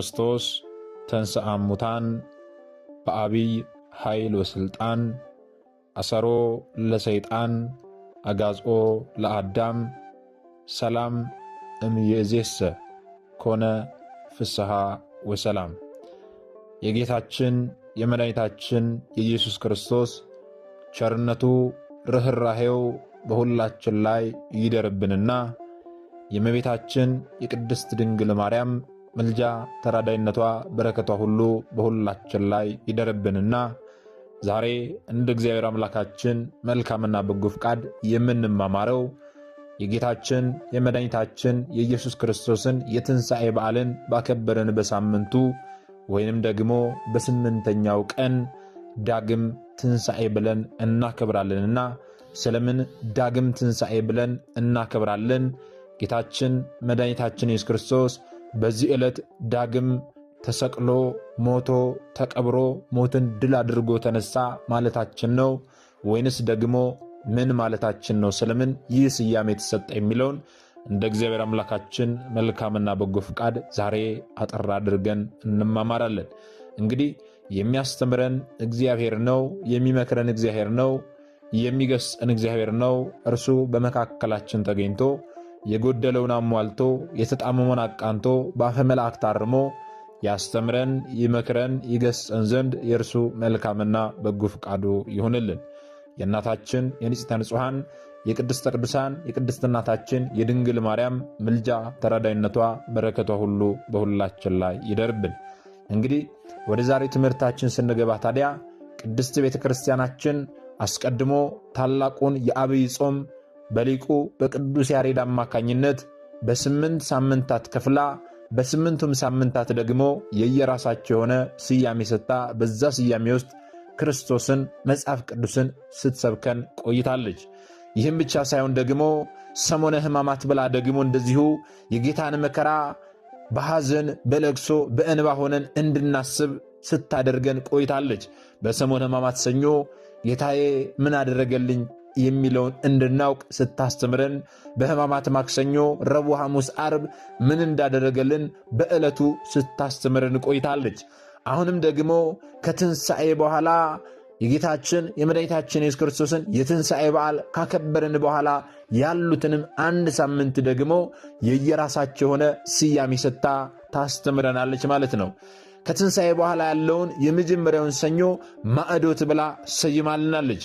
ክርስቶስ ተንሥአ እሙታን በአቢይ ኃይል ወስልጣን አሰሮ ለሰይጣን አጋዝኦ ለአዳም ሰላም እምየእዜሰ ኮነ ፍስሓ ወሰላም። የጌታችን የመድኃኒታችን የኢየሱስ ክርስቶስ ቸርነቱ ርኅራሄው በሁላችን ላይ ይደርብንና የእመቤታችን የቅድስት ድንግል ማርያም ምልጃ ተራዳይነቷ፣ በረከቷ ሁሉ በሁላችን ላይ ይደርብንና ዛሬ እንደ እግዚአብሔር አምላካችን መልካምና በጎ ፍቃድ የምንማማረው የጌታችን የመድኃኒታችን የኢየሱስ ክርስቶስን የትንሣኤ በዓልን ባከበረን በሳምንቱ ወይንም ደግሞ በስምንተኛው ቀን ዳግም ትንሣኤ ብለን እናከብራለንና ስለምን ዳግም ትንሣኤ ብለን እናከብራለን? ጌታችን መድኃኒታችን ኢየሱስ ክርስቶስ በዚህ ዕለት ዳግም ተሰቅሎ ሞቶ ተቀብሮ ሞትን ድል አድርጎ ተነሳ ማለታችን ነው ወይንስ ደግሞ ምን ማለታችን ነው? ስለምን ይህ ስያሜ የተሰጠ የሚለውን እንደ እግዚአብሔር አምላካችን መልካምና በጎ ፈቃድ ዛሬ አጠር አድርገን እንማማራለን። እንግዲህ የሚያስተምረን እግዚአብሔር ነው፣ የሚመክረን እግዚአብሔር ነው፣ የሚገስጸን እግዚአብሔር ነው። እርሱ በመካከላችን ተገኝቶ የጎደለውን አሟልቶ የተጣመመውን አቃንቶ በአፈ መላእክት አርሞ ያስተምረን ይመክረን ይገስጸን ዘንድ የእርሱ መልካምና በጎ ፈቃዱ ይሁንልን። የእናታችን የንጽሕተ ንጹሐን የቅድስተ ቅዱሳን የቅድስት እናታችን የድንግል ማርያም ምልጃ ተራዳይነቷ በረከቷ ሁሉ በሁላችን ላይ ይደርብን። እንግዲህ ወደ ዛሬ ትምህርታችን ስንገባ ታዲያ ቅድስት ቤተ ክርስቲያናችን አስቀድሞ ታላቁን የአብይ ጾም በሊቁ በቅዱስ ያሬድ አማካኝነት በስምንት ሳምንታት ከፍላ በስምንቱም ሳምንታት ደግሞ የየራሳቸው የሆነ ስያሜ ሰጥታ በዛ ስያሜ ውስጥ ክርስቶስን መጽሐፍ ቅዱስን ስትሰብከን ቆይታለች። ይህም ብቻ ሳይሆን ደግሞ ሰሞነ ሕማማት ብላ ደግሞ እንደዚሁ የጌታን መከራ በሐዘን በለቅሶ በእንባ ሆነን እንድናስብ ስታደርገን ቆይታለች። በሰሞነ ሕማማት ሰኞ ጌታዬ ምን አደረገልኝ የሚለውን እንድናውቅ ስታስተምረን በሕማማት ማክሰኞ፣ ረቡዕ፣ ሐሙስ፣ አርብ ምን እንዳደረገልን በዕለቱ ስታስተምረን ቆይታለች። አሁንም ደግሞ ከትንሣኤ በኋላ የጌታችን የመድኃኒታችን የሱስ ክርስቶስን የትንሣኤ በዓል ካከበርን በኋላ ያሉትንም አንድ ሳምንት ደግሞ የየራሳቸው የሆነ ስያሜ ሰጥታ ታስተምረናለች ማለት ነው። ከትንሣኤ በኋላ ያለውን የመጀመሪያውን ሰኞ ማዕዶት ብላ ሰይማልናለች።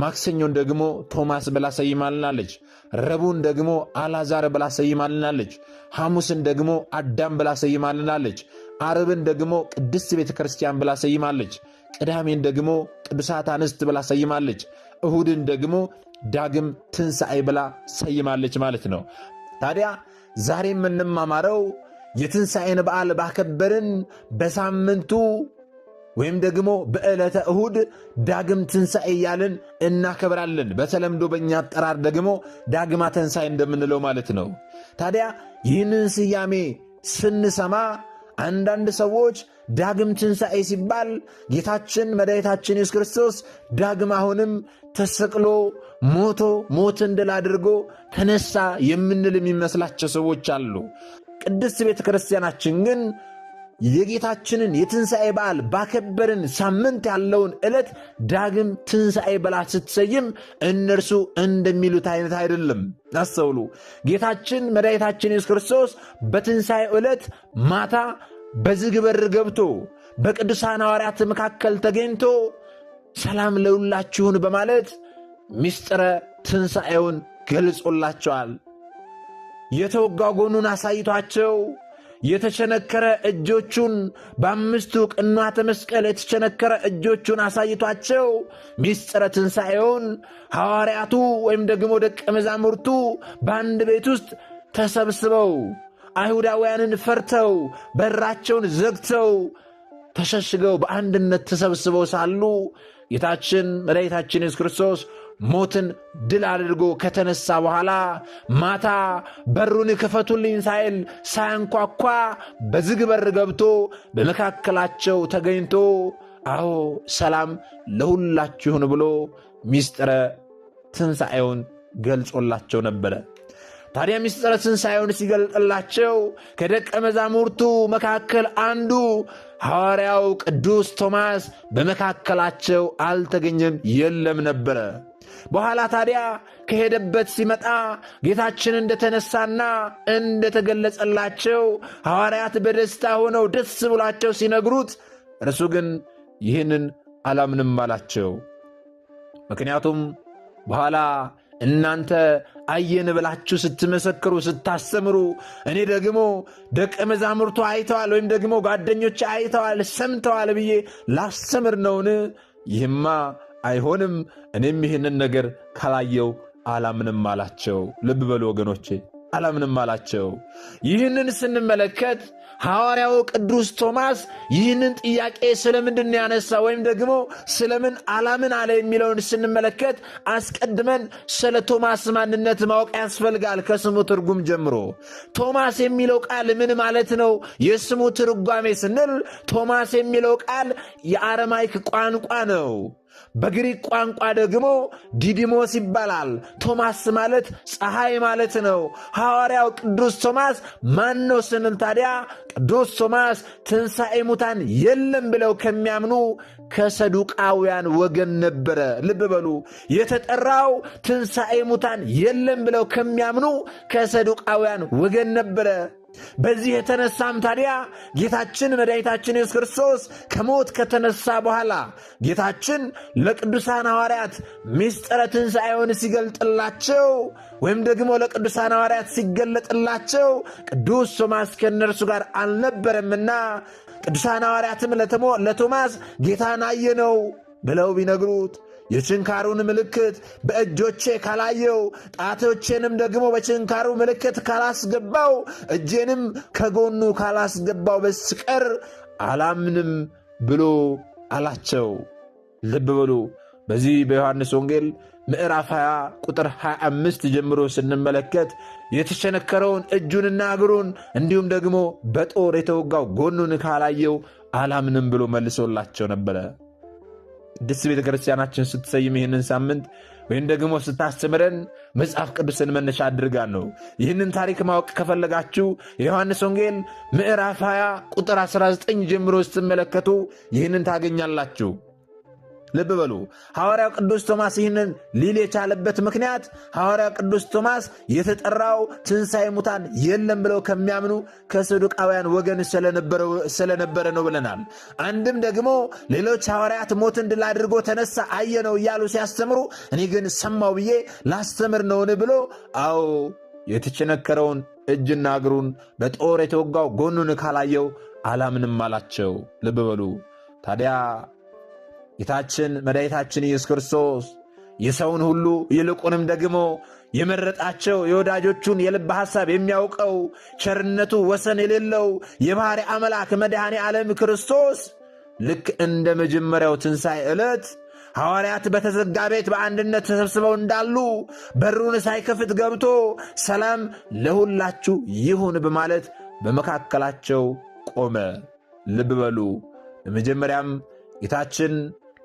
ማክሰኞን ደግሞ ቶማስ ብላ ሰይማልናለች። ረቡን ደግሞ አላዛር ብላ ሰይማልናለች። ሐሙስን ደግሞ አዳም ብላ ሰይማልናለች። አርብን ደግሞ ቅድስት ቤተ ክርስቲያን ብላ ሰይማለች። ቅዳሜን ደግሞ ቅዱሳት አንስት ብላ ሰይማለች። እሁድን ደግሞ ዳግም ትንሣኤ ብላ ሰይማለች ማለት ነው። ታዲያ ዛሬ የምንማማረው የትንሣኤን በዓል ባከበርን በሳምንቱ ወይም ደግሞ በዕለተ እሁድ ዳግም ትንሣኤ እያልን እናከብራለን። በተለምዶ በእኛ አጠራር ደግሞ ዳግማ ተንሣኤ እንደምንለው ማለት ነው። ታዲያ ይህንን ስያሜ ስንሰማ አንዳንድ ሰዎች ዳግም ትንሣኤ ሲባል ጌታችን መድኃኒታችን ኢየሱስ ክርስቶስ ዳግም አሁንም ተሰቅሎ ሞቶ ሞትን ድል አድርጎ ተነሳ የምንል የሚመስላቸው ሰዎች አሉ። ቅድስት ቤተ ክርስቲያናችን ግን የጌታችንን የትንሣኤ በዓል ባከበርን ሳምንት ያለውን ዕለት ዳግም ትንሣኤ ብላ ስትሰይም እነርሱ እንደሚሉት አይነት አይደለም። አስተውሉ። ጌታችን መድኃኒታችን ኢየሱስ ክርስቶስ በትንሣኤ ዕለት ማታ በዝግ በር ገብቶ በቅዱሳን ሐዋርያት መካከል ተገኝቶ ሰላም ለሁላችሁን በማለት ምስጢረ ትንሣኤውን ገልጾላቸዋል። የተወጋ ጎኑን አሳይቷቸው የተቸነከረ እጆቹን በአምስቱ ቅንዋተ መስቀል የተቸነከረ እጆቹን አሳይቷቸው ሚስጥረ ትንሣኤውን ሐዋርያቱ ወይም ደግሞ ደቀ መዛሙርቱ በአንድ ቤት ውስጥ ተሰብስበው አይሁዳውያንን ፈርተው በራቸውን ዘግተው ተሸሽገው በአንድነት ተሰብስበው ሳሉ ጌታችን መድኃኒታችን ኢየሱስ ክርስቶስ ሞትን ድል አድርጎ ከተነሳ በኋላ ማታ በሩን ክፈቱልኝ ሳይል ሳያንኳኳ በዝግ በር ገብቶ በመካከላቸው ተገኝቶ አዎ ሰላም ለሁላችሁን ይሁን ብሎ ሚስጥረ ትንሣኤውን ገልጾላቸው ነበረ። ታዲያ ምስጢረ ትንሣኤውን ሲገልጥላቸው ከደቀ መዛሙርቱ መካከል አንዱ ሐዋርያው ቅዱስ ቶማስ በመካከላቸው አልተገኘም፣ የለም ነበረ። በኋላ ታዲያ ከሄደበት ሲመጣ ጌታችን እንደተነሳና እንደተገለጸላቸው ሐዋርያት በደስታ ሆነው ደስ ብሏቸው ሲነግሩት እርሱ ግን ይህንን አላምንም አላቸው። ምክንያቱም በኋላ እናንተ አየን ብላችሁ ስትመሰክሩ ስታስተምሩ፣ እኔ ደግሞ ደቀ መዛሙርቱ አይተዋል ወይም ደግሞ ጓደኞች አይተዋል ሰምተዋል ብዬ ላስተምር ነውን? ይህማ አይሆንም። እኔም ይህንን ነገር ካላየው አላምንም አላቸው። ልብ በሉ ወገኖቼ፣ አላምንም አላቸው። ይህንን ስንመለከት ሐዋርያው ቅዱስ ቶማስ ይህንን ጥያቄ ስለምንድን ያነሳ ወይም ደግሞ ስለምን አላምን አለ የሚለውን ስንመለከት አስቀድመን ስለ ቶማስ ማንነት ማወቅ ያስፈልጋል። ከስሙ ትርጉም ጀምሮ ቶማስ የሚለው ቃል ምን ማለት ነው? የስሙ ትርጓሜ ስንል ቶማስ የሚለው ቃል የአረማይክ ቋንቋ ነው። በግሪክ ቋንቋ ደግሞ ዲዲሞስ ይባላል። ቶማስ ማለት ፀሐይ ማለት ነው። ሐዋርያው ቅዱስ ቶማስ ማን ነው ስንል ታዲያ ቅዱስ ቶማስ ትንሣኤ ሙታን የለም ብለው ከሚያምኑ ከሰዱቃውያን ወገን ነበረ። ልብ በሉ፣ የተጠራው ትንሣኤ ሙታን የለም ብለው ከሚያምኑ ከሰዱቃውያን ወገን ነበረ። በዚህ የተነሳም ታዲያ ጌታችን መድኃኒታችን ኢየሱስ ክርስቶስ ከሞት ከተነሳ በኋላ ጌታችን ለቅዱሳን ሐዋርያት ምስጢረ ትንሣኤውን ሲገልጥላቸው ወይም ደግሞ ለቅዱሳን ሐዋርያት ሲገለጥላቸው ቅዱስ ቶማስ ከእነርሱ ጋር አልነበረምና ቅዱሳን ሐዋርያትም ለቶማስ ጌታን አየነው ብለው ቢነግሩት የችንካሩን ምልክት በእጆቼ ካላየው ጣቶቼንም ደግሞ በችንካሩ ምልክት ካላስገባው እጄንም ከጎኑ ካላስገባው በስቀር አላምንም ብሎ አላቸው። ልብ በሉ። በዚህ በዮሐንስ ወንጌል ምዕራፍ 20 ቁጥር 25 ጀምሮ ስንመለከት የተቸነከረውን እጁንና እግሩን እንዲሁም ደግሞ በጦር የተወጋው ጎኑን ካላየው አላምንም ብሎ መልሶላቸው ነበረ። ቅድስት ቤተ ክርስቲያናችን ስትሰይም ይህንን ሳምንት ወይም ደግሞ ስታስተምረን መጽሐፍ ቅዱስን መነሻ አድርጋ ነው። ይህንን ታሪክ ማወቅ ከፈለጋችሁ የዮሐንስ ወንጌል ምዕራፍ 20 ቁጥር 19 ጀምሮ ስትመለከቱ ይህንን ታገኛላችሁ። ልብ በሉ ሐዋርያው ቅዱስ ቶማስ ይህንን ሊል የቻለበት ምክንያት ሐዋርያው ቅዱስ ቶማስ የተጠራው ትንሣኤ ሙታን የለም ብለው ከሚያምኑ ከሰዱቃውያን ወገን ስለነበረ ነው ብለናል። አንድም ደግሞ ሌሎች ሐዋርያት ሞትን ድል አድርጎ ተነሳ አየ ነው እያሉ ሲያስተምሩ እኔ ግን ሰማው ብዬ ላስተምር ነውን ብሎ አዎ የተቸነከረውን እጅና እግሩን በጦር የተወጋው ጎኑን ካላየው አላምንም አላቸው። ልብ በሉ ታዲያ ጌታችን መድኃኒታችን ኢየሱስ ክርስቶስ የሰውን ሁሉ ይልቁንም ደግሞ የመረጣቸው የወዳጆቹን የልብ ሐሳብ የሚያውቀው ቸርነቱ ወሰን የሌለው የባሕሪ አምላክ መድኃኔ ዓለም ክርስቶስ ልክ እንደ መጀመሪያው ትንሣኤ ዕለት ሐዋርያት በተዘጋ ቤት በአንድነት ተሰብስበው እንዳሉ በሩን ሳይከፍት ገብቶ ሰላም ለሁላችሁ ይሁን በማለት በመካከላቸው ቆመ። ልብ በሉ። በመጀመሪያም ጌታችን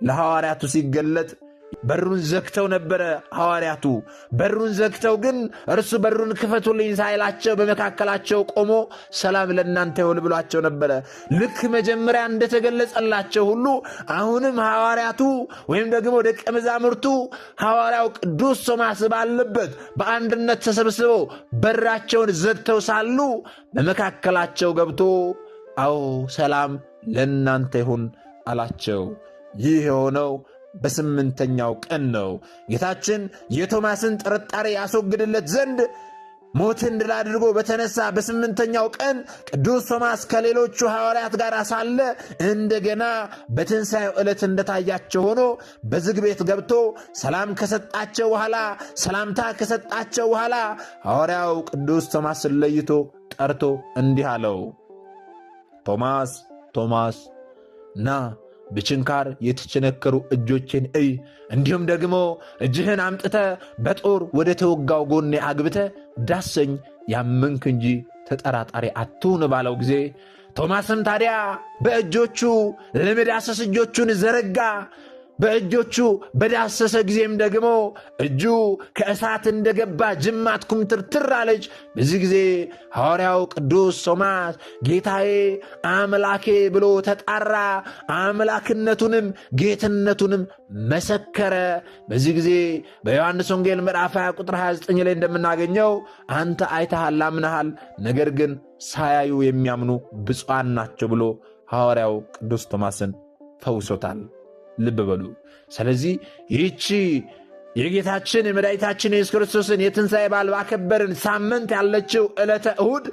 ለሐዋርያቱ ሲገለጥ በሩን ዘግተው ነበረ። ሐዋርያቱ በሩን ዘግተው ግን እርሱ በሩን ክፈቱልኝ ሳይላቸው በመካከላቸው ቆሞ ሰላም ለእናንተ ይሁን ብሏቸው ነበረ። ልክ መጀመሪያ እንደተገለጸላቸው ሁሉ አሁንም ሐዋርያቱ ወይም ደግሞ ደቀ መዛሙርቱ ሐዋርያው ቅዱስ ቶማስ ባለበት በአንድነት ተሰብስበው በራቸውን ዘግተው ሳሉ በመካከላቸው ገብቶ አዎ ሰላም ለእናንተ ይሁን አላቸው። ይህ የሆነው በስምንተኛው ቀን ነው። ጌታችን የቶማስን ጥርጣሬ ያስወግድለት ዘንድ ሞትን ድል አድርጎ በተነሳ በስምንተኛው ቀን ቅዱስ ቶማስ ከሌሎቹ ሐዋርያት ጋር ሳለ እንደገና በትንሣኤው ዕለት እንደታያቸው ሆኖ በዝግ ቤት ገብቶ ሰላም ከሰጣቸው በኋላ ሰላምታ ከሰጣቸው በኋላ ሐዋርያው ቅዱስ ቶማስን ለይቶ ጠርቶ እንዲህ አለው፣ ቶማስ ቶማስ ና በችንካር የተቸነከሩ እጆቼን እይ፣ እንዲሁም ደግሞ እጅህን አምጥተ በጦር ወደ ተወጋው ጎኔ አግብተ ዳሰኝ፣ ያመንክ እንጂ ተጠራጣሪ አትሁን ባለው ጊዜ ቶማስም ታዲያ በእጆቹ ለመዳሰስ እጆቹን ዘረጋ። በእጆቹ በዳሰሰ ጊዜም ደግሞ እጁ ከእሳት እንደገባ ጅማት ኩምትርትር አለች። በዚህ ጊዜ ሐዋርያው ቅዱስ ቶማስ ጌታዬ አምላኬ ብሎ ተጣራ። አምላክነቱንም ጌትነቱንም መሰከረ። በዚህ ጊዜ በዮሐንስ ወንጌል ምዕራፍ 20 ቁጥር 29 ላይ እንደምናገኘው አንተ አይተሃል አምነሃል፣ ነገር ግን ሳያዩ የሚያምኑ ብፁዓን ናቸው ብሎ ሐዋርያው ቅዱስ ቶማስን ፈውሶታል። ልብ በሉ። ስለዚህ ይህቺ የጌታችን የመድኃኒታችን የሱስ ክርስቶስን የትንሣኤ በዓል ባከበርን ሳምንት ያለችው ዕለተ እሁድ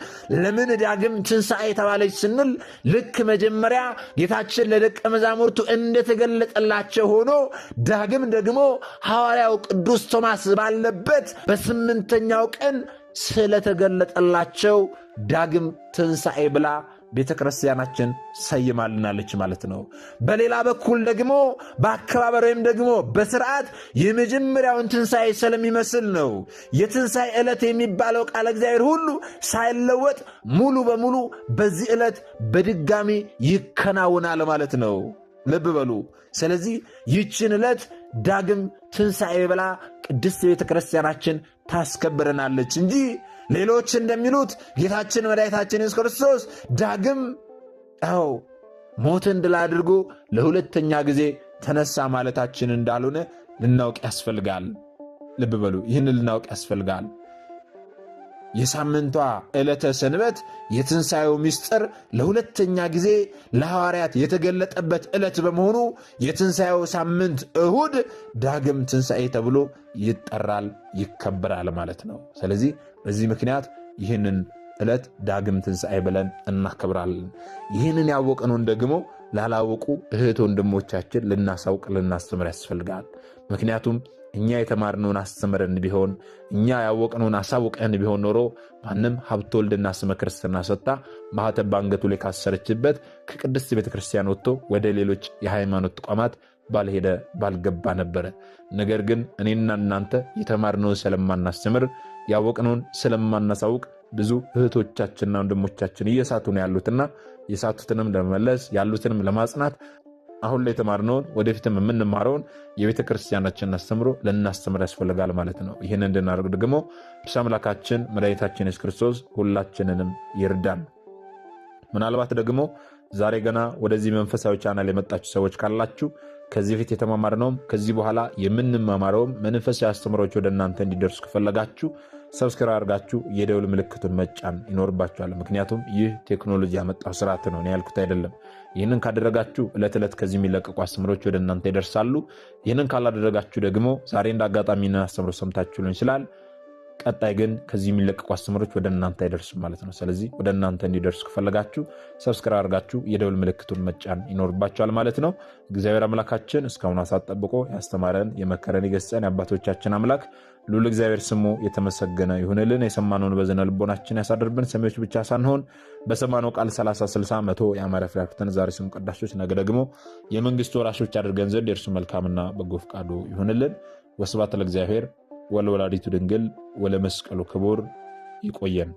ለምን ዳግም ትንሣኤ የተባለች ስንል ልክ መጀመሪያ ጌታችን ለደቀ መዛሙርቱ እንደተገለጠላቸው ሆኖ ዳግም ደግሞ ሐዋርያው ቅዱስ ቶማስ ባለበት በስምንተኛው ቀን ስለተገለጠላቸው ዳግም ትንሣኤ ብላ ቤተ ክርስቲያናችን ሰይማልናለች ማለት ነው። በሌላ በኩል ደግሞ በአከባበር ወይም ደግሞ በስርዓት የመጀመሪያውን ትንሣኤ ስለሚመስል ነው የትንሣኤ ዕለት የሚባለው ቃል እግዚአብሔር ሁሉ ሳይለወጥ ሙሉ በሙሉ በዚህ ዕለት በድጋሚ ይከናውናል ማለት ነው። ልብ በሉ። ስለዚህ ይችን ዕለት ዳግም ትንሣኤ ብላ ቅድስት ቤተ ክርስቲያናችን ታስከብረናለች እንጂ ሌሎች እንደሚሉት ጌታችን መድኃኒታችን ኢየሱስ ክርስቶስ ዳግም ው ሞትን ድል አድርጎ ለሁለተኛ ጊዜ ተነሳ ማለታችን እንዳልሆነ ልናውቅ ያስፈልጋል። ልብ በሉ፣ ይህን ልናውቅ ያስፈልጋል። የሳምንቷ ዕለተ ሰንበት የትንሣኤው ምስጢር ለሁለተኛ ጊዜ ለሐዋርያት የተገለጠበት ዕለት በመሆኑ የትንሣኤው ሳምንት እሁድ ዳግም ትንሣኤ ተብሎ ይጠራል፣ ይከበራል ማለት ነው። ስለዚህ በዚህ ምክንያት ይህንን ዕለት ዳግም ትንሣኤ ብለን እናከብራለን። ይህንን ያወቅነውን ደግሞ ላላወቁ እህት ወንድሞቻችን ልናሳውቅ ልናስተምር ያስፈልጋል። ምክንያቱም እኛ የተማርነውን አስተምረን ቢሆን እኛ ያወቅነውን አሳውቀን ቢሆን ኖሮ ማንም ሀብተ ወልድና ስመ ክርስትና ሰጥታ በአንገቱ ላይ ካሰረችበት ከቅድስት ቤተክርስቲያን ወጥቶ ወደ ሌሎች የሃይማኖት ተቋማት ባልሄደ ባልገባ ነበረ። ነገር ግን እኔና እናንተ የተማርነውን ስለማናስተምር ያወቅነውን ስለማናሳውቅ ብዙ እህቶቻችንና ወንድሞቻችን እየሳቱ ነው ያሉትና የሳቱትንም ለመመለስ ያሉትንም ለማጽናት አሁን ላይ የተማርነውን ወደፊትም የምንማረውን የቤተ ክርስቲያናችንን አስተምሮ ልናስተምር ያስፈልጋል ማለት ነው። ይህን እንድናደርግ ደግሞ ቅዱስ አምላካችን መድኃኒታችን የሱስ ክርስቶስ ሁላችንንም ይርዳን። ምናልባት ደግሞ ዛሬ ገና ወደዚህ መንፈሳዊ ቻናል የመጣችሁ ሰዎች ካላችሁ ከዚህ በፊት የተማማርነውም ከዚህ በኋላ የምንማማረውም መንፈሳዊ አስተምሮች ወደ እናንተ እንዲደርሱ ከፈለጋችሁ ሰብስክራ አድርጋችሁ የደውል ምልክቱን መጫን ይኖርባችኋል። ምክንያቱም ይህ ቴክኖሎጂ ያመጣው ስርዓት ነው፣ እኔ ያልኩት አይደለም። ይህንን ካደረጋችሁ ዕለት ዕለት ከዚህ የሚለቀቁ አስተምሮች ወደ እናንተ ይደርሳሉ። ይህንን ካላደረጋችሁ ደግሞ ዛሬ እንደ አጋጣሚና አስተምሮ ሰምታችሁ ሊሆን ይችላል ቀጣይ ግን ከዚህ የሚለቀቁ አስተምሮች ወደ እናንተ አይደርሱም ማለት ነው። ስለዚህ ወደ እናንተ እንዲደርሱ ከፈለጋችሁ ሰብስክራ አድርጋችሁ የደውል ምልክቱን መጫን ይኖርባቸዋል ማለት ነው። እግዚአብሔር አምላካችን እስካሁን አሳት ጠብቆ ያስተማረን የመከረን የገሰጸን የአባቶቻችን አምላክ ልዑል እግዚአብሔር ስሙ የተመሰገነ ይሁንልን። የሰማነውን በዝነ ልቦናችን ያሳድርብን። ሰሚዎች ብቻ ሳንሆን በሰማነው ቃል 30 60 መቶ የአማረ ፍሬ አፍርተን ዛሬ ስሙ ቀዳሾች ነገ ደግሞ የመንግስቱ ወራሾች አድርገን ዘንድ የእርሱ መልካምና በጎ ፈቃዱ ይሁንልን። ወስብሐት ለእግዚአብሔር ወለወላዲቱ ድንግል ወለመስቀሉ ክቡር ይቆየን።